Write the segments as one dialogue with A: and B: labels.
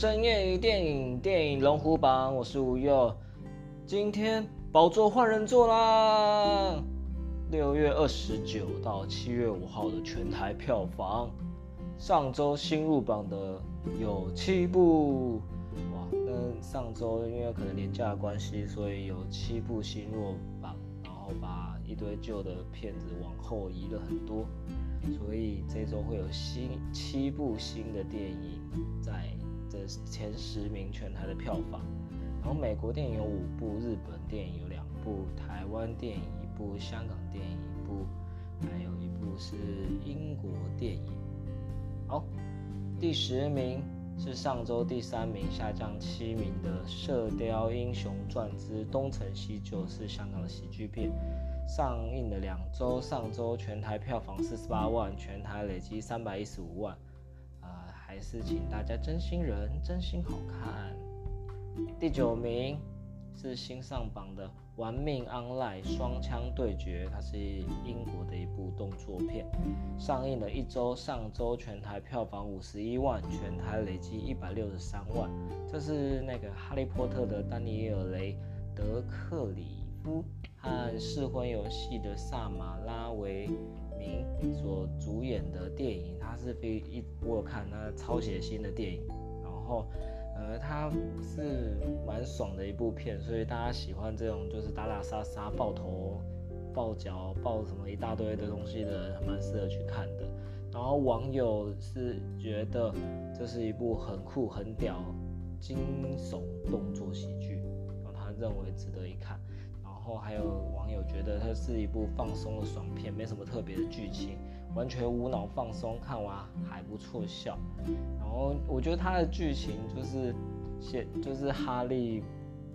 A: 深夜電影，電影《龍虎榜》，我是吳佑。今天寶座換人坐啦！六月二十九到七月五號的全台票房，上周新入榜的有七部。哇，那上周因為可能連假的關係，所以有七部新入榜，然後把一堆舊的片子往後移了很多，所以這周會有新七部新的電影在。的前十名全台的票房，然後美國電影有五部，日本電影有兩部，台灣電影一部，香港電影一部，還有一部是英國電影。好，第十名是上周第三名下降七名的《射鵰英雄傳之東成西就》，是香港的喜劇片，上映了兩周，上周全台票房四十八萬，全台累計三百一十五萬。還是請大家真心人真心好看。第九名是新上榜的《玩命 Online 雙槍對決》，它是英國的一部動作片，上映了一周，上周全台票房五十一萬，全台累計一百六十三萬。這是那個《哈利波特》的丹尼爾雷德克里夫。和弒婚遊戲的薩馬拉維明所主演的電影，它是非一我有看，它超血腥的電影。然後，呃，它是蠻爽的一部片，所以大家喜歡這種就是打打殺殺、爆頭、爆腳、爆什麼一大堆的東西的，還蠻適合去看的。然後網友是覺得這是一部很酷、很屌、驚悚動作喜劇，然後他認為值得一看。還有網友覺得它是一部放鬆的爽片，沒什麼特別的劇情，完全無腦放鬆，看完還不錯笑。然後我覺得他的劇情就是，就是哈利，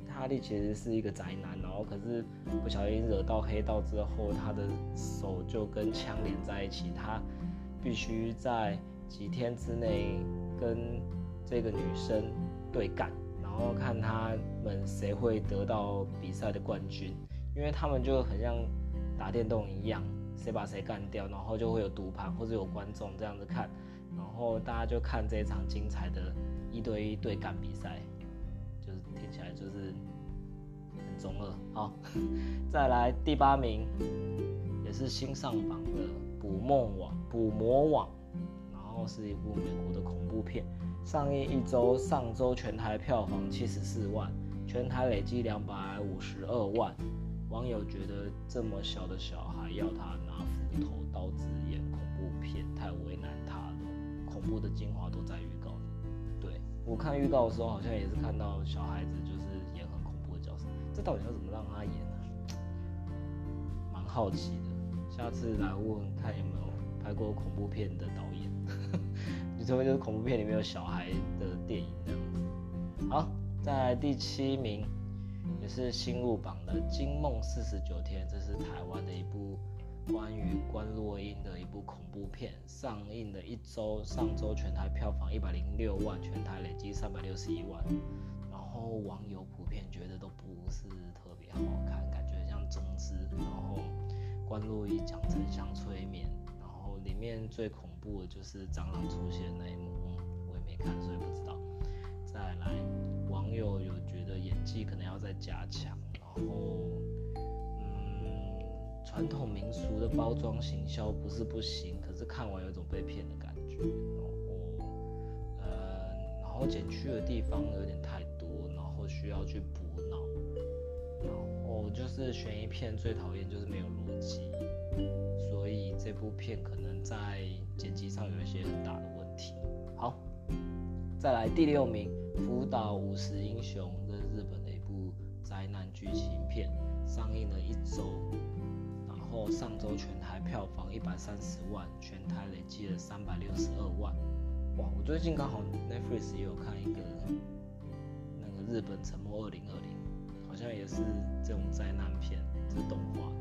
A: 哈利其實是一個宅男，然後可是不小心惹到黑道之後，他的手就跟槍連在一起，他必須在幾天之內跟這個女生對幹，然後看他們誰會得到比賽的冠軍。因為他們就很像打電動一樣，誰把誰幹掉，然後就會有賭盤或者有觀眾這樣子看，然後大家就看這一場精彩的一對一對幹比賽，就是聽起來就是很中二。好，再來第八名，也是新上榜的《捕夢網》《捕魔網》，然後是一部美國的恐怖片，上映一周，上周全台票房七十四萬，全台累計兩百五十二萬。網友覺得這麼小的小孩，要他拿斧頭刀子演恐怖片太為難他了。恐怖的精華都在預告裡。對，我看預告的時候，好像也是看到小孩子就是演很恐怖的角色，這到底要怎麼讓他演呢、啊？蠻好奇的，下次來問看有沒有拍過恐怖片的導演，你特別就是恐怖片裡面有小孩的電影，這樣子。好，再來第七名。也是新入榜的《驚夢四十九天》，這是台灣的一部關於觀落陰的一部恐怖片。上映的一周，上周全台票房一百零六萬，全台累計三百六十一萬。然後網友普遍覺得都不是特別好看，感覺像中資。然後觀落陰講成像催眠，然後裡面最恐怖的就是蟑螂出現那一幕，嗯，我也沒看，所以不知道。再來，網友有覺得演技可能要再加強，然後，嗯，傳統民俗的包裝行銷不是不行，可是看完有一種被騙的感覺，然後，呃，然後剪去的地方有點太多，然後需要去補腦，然後就是懸疑片最討厭就是沒有邏輯，所以這部片可能在剪輯上有一些很大的問題。再來第六名，《福島五十英雄》的日本的一部災難劇情片，上映了一周，然後上周全台票房一百三十萬，全台累計了三百六十二萬。哇，我最近剛好 Netflix 也有看一個，那個日本《沉沒二零二零》，好像也是這種災難片，就是動畫。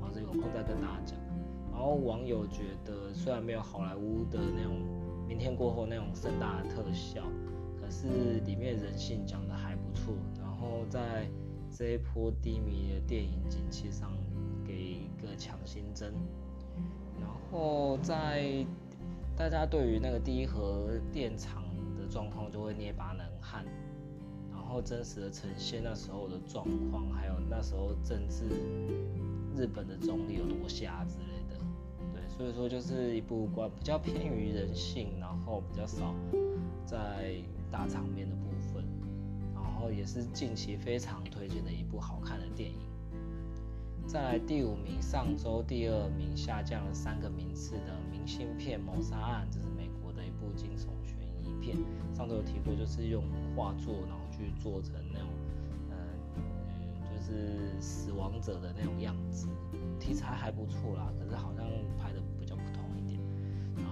A: 然後這有空再跟大家講。然後網友覺得，雖然沒有好萊塢的那種。明天過後那種盛大的特效，可是裡面人性講的還不錯，然後在這一波低迷的電影景氣上給一個強心針，然後在大家對於那個第一核電廠的狀況就會捏把冷汗，然後真實的呈現那時候的狀況，還有那時候政治，日本的總理有多瞎子。所以說就是一部關比較偏於人性，然後比較少在大場面的部分，然後也是近期非常推薦的一部好看的電影。再來第五名，上周第二名下降了三個名次的《明信片謀殺案》，這是美國的一部驚悚懸疑片。上周有提過，就是用畫作然後去做成那種、嗯、就是死亡者的那種樣子，題材還不錯啦，可是好像拍的。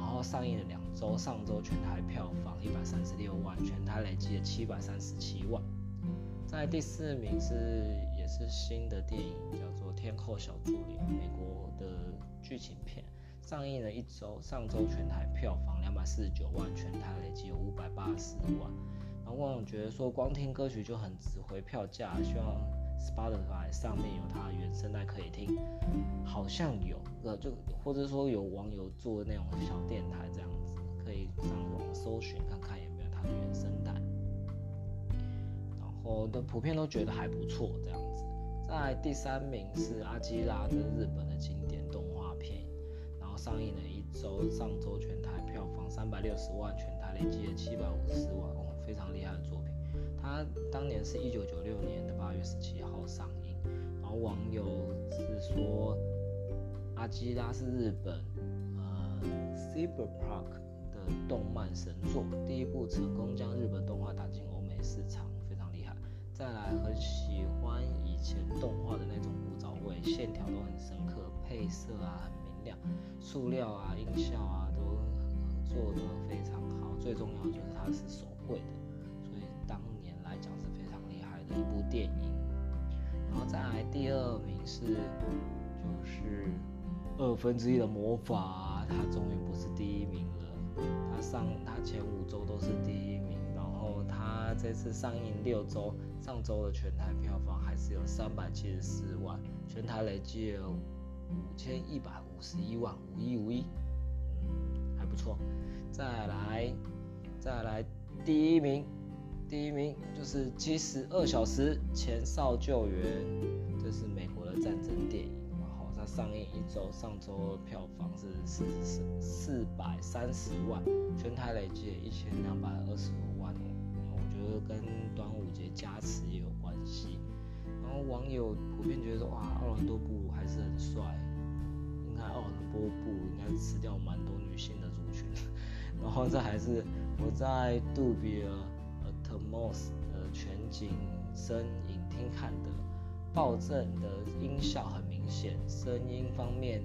A: 然後上映了兩周，上周全台票房一百三十六萬，全台累計了七百三十七萬。在第四名是也是新的電影，叫做《天后小助理》，美國的劇情片，上映了一周，上周全台票房兩百四十九萬，全台累計有五百八十萬。然後我總覺得說，光聽歌曲就很值回票價，希望。Spotify 上面有他的原聲帶可以聽，好像有個就或者說有網友做的那種小電台這樣子，可以上網搜尋看看有沒有他的原聲帶。然後都普遍都覺得還不錯這樣子。再來第三名是《阿基拉》的日本的經典動畫片，然後上映了一周，上周全台票房三百六十萬，全台累計了七百五十萬哦，非常厲害的作品。它當年是一九九六年的八月十七號上映，然後網友是說，《阿基拉》是日本呃，《Cyber Park》的動漫神作，第一部成功將日本動畫打進歐美市場，非常厲害。再來，很喜歡以前動畫的那種古早味，線條都很深刻，配色啊很明亮，塑料啊、音效啊都做得非常好，最重要就是它是手繪的。一部電影，然後再來第二名是，就是二分之一的魔法，它終於不是第一名了。它上它前五周都是第一名，然後它這次上映六周，上周的全台票房還是有三百七十四萬，全台累計有五千一百五十一萬，五一五一，嗯，還不錯。再來，再來第一名。第一名就是《七十二小時前哨救援》，這是美國的戰爭電影。然後它上映一周，上周票房是四四四百三十萬，全台累計一千兩百二十五萬。然後我覺得跟端午節加持也有關係。然後網友普遍覺得說，哇，奧蘭多布魯還是很帥，應該奧蘭多布魯應該吃掉蠻多女性的族群。然後這還是我在杜比爾特莫斯的全景聲影廳看的，暴震的音效很明顯，聲音方面，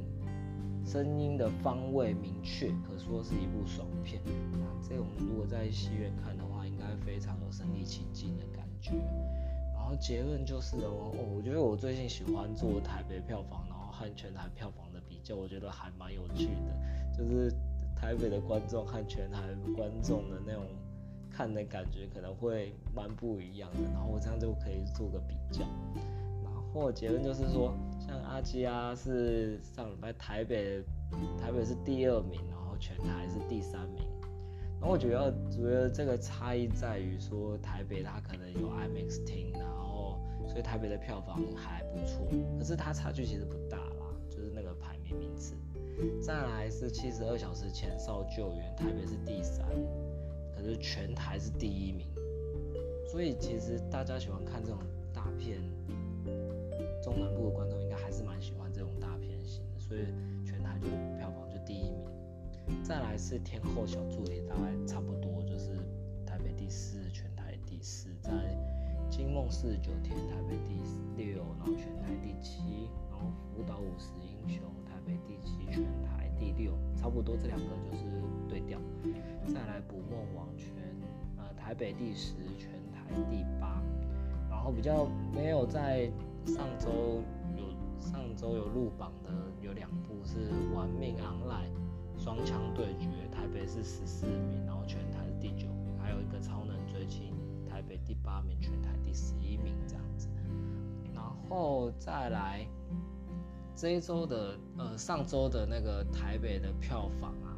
A: 聲音的方位明確，可說是一部爽片。那這我們如果在戲院看的話，應該非常有身臨其境的感覺。然後結論就是我我覺得我最近喜歡做台北票房，然後和全台票房的比較，我覺得還蠻有趣的，就是台北的觀眾和全台觀眾的那種。看的感覺可能會蠻不一樣的，然後我這樣就可以做個比較，然後結論就是說，像阿基拉是上禮拜台北，台北是第二名，然後全台是第三名，
B: 然後我覺
A: 得主要這個差異在於說台北它可能有 IMAX 廳，然後所以台北的票房還不錯，可是它差距其實不大啦，就是那個排名名次。再來是七十二小時前哨救援，台北是第三。就是全台是第一名，所以其實大家喜歡看這種大片，中南部的觀眾應該還是蠻喜歡這種大片型的，所以全台就票房就第一名。再來是天后小助理，大概差不多就是台北第四，全台第四；在驚夢四十九天，台北第六，然後全台第七；然後福島五十英雄，台北第七，全台第六，差不多這兩個就是。捕魔網全呃，台北第十，全台第八。然後比較沒有在上周有上周有入榜的有兩部是《玩命 Online：雙槍對決》，台北是十四名，然後全台是第九名。還有一個《超能追緝，台北第八名，全台第十一名這樣子。然後再來這一周的呃上周的那個台北的票房啊，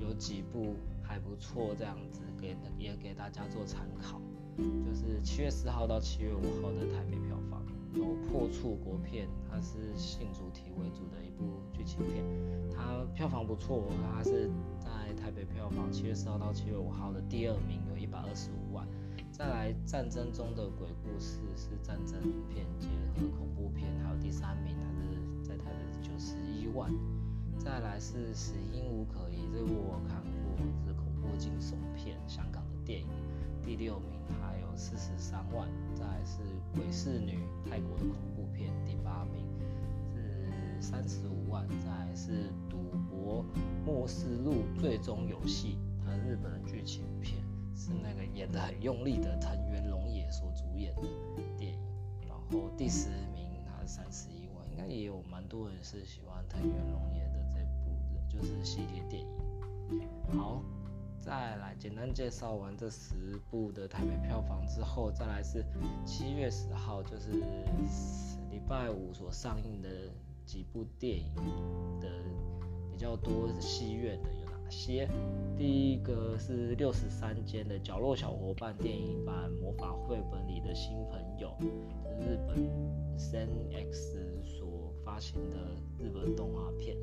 A: 有幾部。還不錯，這樣子給也給大家做參考，就是七月四號到七月五號的台北票房有、哦、破處國片，它是性主題為主的一部劇情片，它票房不錯，它是在台北票房七月四號到七月五號的第二名，有一百二十五萬。再來戰爭中的鬼故事是戰爭片結合恐怖片，還有第三名，它是在台北九十一萬。再來是死因無可疑，這部我看過，郭金悚片，香港的電影第六名還有四十三萬，再來是鬼侍女泰國的恐怖片第八名是三十五萬，再來是賭博默示錄最終遊戲，它是日本的劇情片，是那個演得很用力的藤原龍也所主演的電影，然後第十名它是三十一萬，應該也有蠻多人是喜歡藤原龍也的這部，就是系列。簡單介紹完這十部的台北票房之後，再來，是七月十號，就是禮拜五所上映的幾部電影的比較多戲院的有哪些？第一個是六十三間的角落小夥伴電影版魔法繪本裡的新朋友，就是、日本 San-X 所發行的日本動畫片，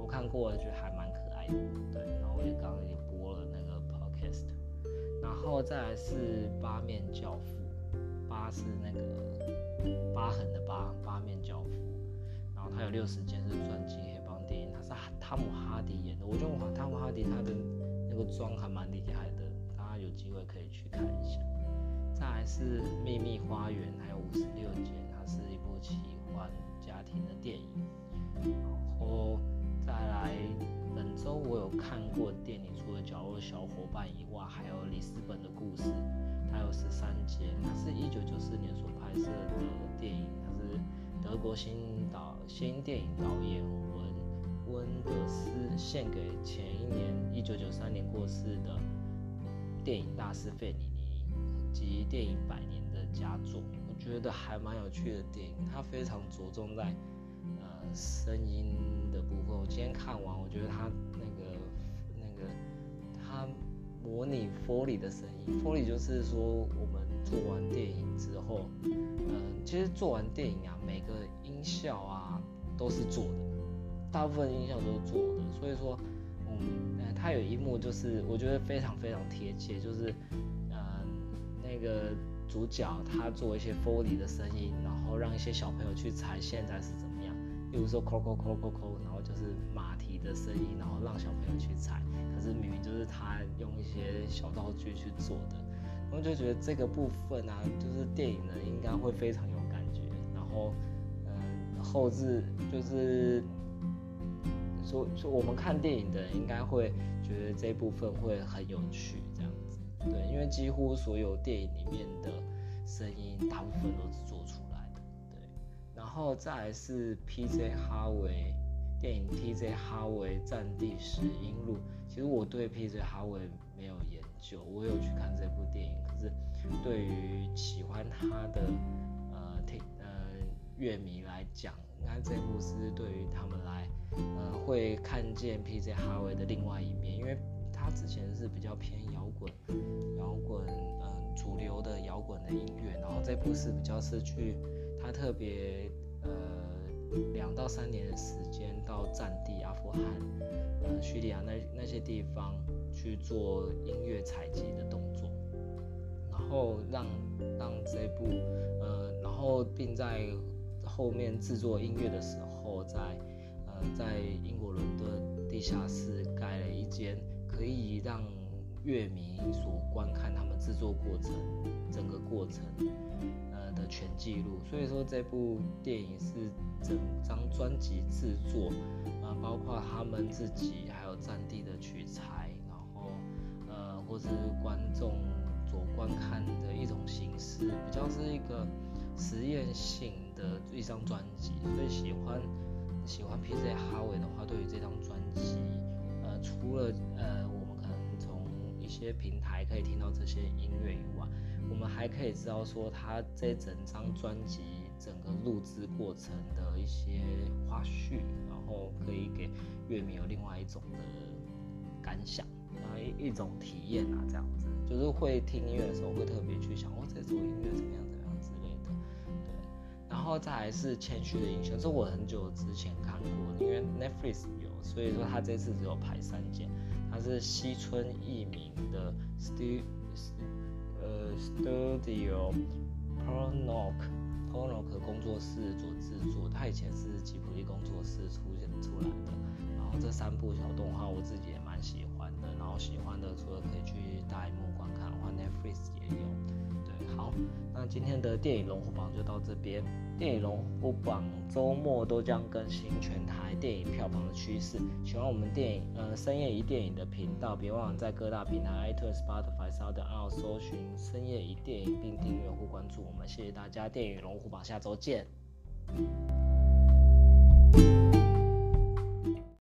A: 我看過了，覺得還蠻可愛的。對，然後我也剛剛部。然後，再來是《疤面教父》，八是那個疤痕的疤，《疤面教父》。然後它有六十間是傳記黑幫電影，它是湯姆哈迪演的。我覺得湯姆哈迪他的那個妝還蠻厲害的，大家有機會可以去看一下。再來是《秘密花園》，還有五十六間，它是一部奇幻家庭的電影。然後。看過電影，除了《角落小夥伴》以外，還有《里斯本的故事》，它有十三集，它是一九九四年所拍攝的電影，它是德國新導新電影導演溫溫德斯獻給前一年一九九三年過世的電影大師費里尼，尼及電影百年的佳作。我覺得還蠻有趣的電影，它非常着重在呃、聲音的部分。我今天看完，我覺得它。模擬 Foley 的聲音，Foley 就是說我們做完電影之後，嗯、呃，其實做完電影啊，每個音效啊都是做的，大部分音效都是做的。所以說，嗯，他、呃、有一幕就是我覺得非常非常貼切，就是嗯、呃，那個主角他做一些 Foley 的聲音，然後讓一些小朋友去猜現在是怎麼。比如說 Coco Coco，然後就是馬蹄的聲音，然後讓小朋友去猜。可是明明就是他用一些小道具去做的，我就覺得這個部分啊，就是電影人應該會非常有感覺。然後，嗯、然後置就是說說我們看電影的人應該會覺得這部分會很有趣，這樣子。對，因為幾乎所有電影裡面的聲音，大部分都是做。然後再來是 P.J. 哈維電影《P.J. 哈維戰地史音錄》。其實我對 P.J. 哈維沒有研究，我有去看這部電影。可是對於喜歡他的呃聽呃樂迷來講，那這部是對於他們來呃會看見 P.J. 哈維的另外一面，因為他之前是比較偏搖滾搖滾嗯、呃、主流的搖滾的音樂，然後這部是比較是去他特別。呃，兩到三年的時間到戰地阿富汗、呃敘利亞那那些地方去做音樂採集的動作，然後讓讓這部呃，然後並在後面製作音樂的時候在，在呃在英國倫敦地下室蓋了一間可以讓樂迷所觀看他們製作過程整個過程。的全記錄，所以說，這部電影是整張專輯制作，啊、呃，包括他們自己還有戰地的取材，然後呃，或是觀眾所觀看的一種形式，比較是一個實驗性的一張專輯。所以喜歡喜歡 PJ 哈維的話，對於這張專輯，呃，除了呃，我們可能從一些平台可以聽到這些音樂以外。我們還可以知道說，他這整張專輯整個錄製過程的一些花絮，然後可以給樂迷有另外一種的感想，然後一,一種體驗啊，這樣子就是會聽音樂的時候會特別去想，哇，這首音樂怎麼樣怎麼樣之類的。對，然後再來是謙虛的英雄，是我很久之前看過的，因為 Netflix 有，所以說他這次只有拍三集，他是西村一明的 Stu。Studio Pornok，Pornok 工作室做製作，它以前是吉卜力工作室出現出來的。這三部小動畫我自己也蠻喜歡的，然後喜歡的除了可以去大熒幕觀看的話，Netflix 也有。對，好，那今天的電影龍虎榜就到這邊，電影龍虎榜週末都將更新全台電影票房的趨勢。喜歡我們電影，嗯、呃，深夜一電影的頻道，別忘了在各大平台 iTunes、Spotify 等、啊、 搜尋深夜一電影，並訂閱或關注我們，謝謝大家，電影龍虎榜下週見。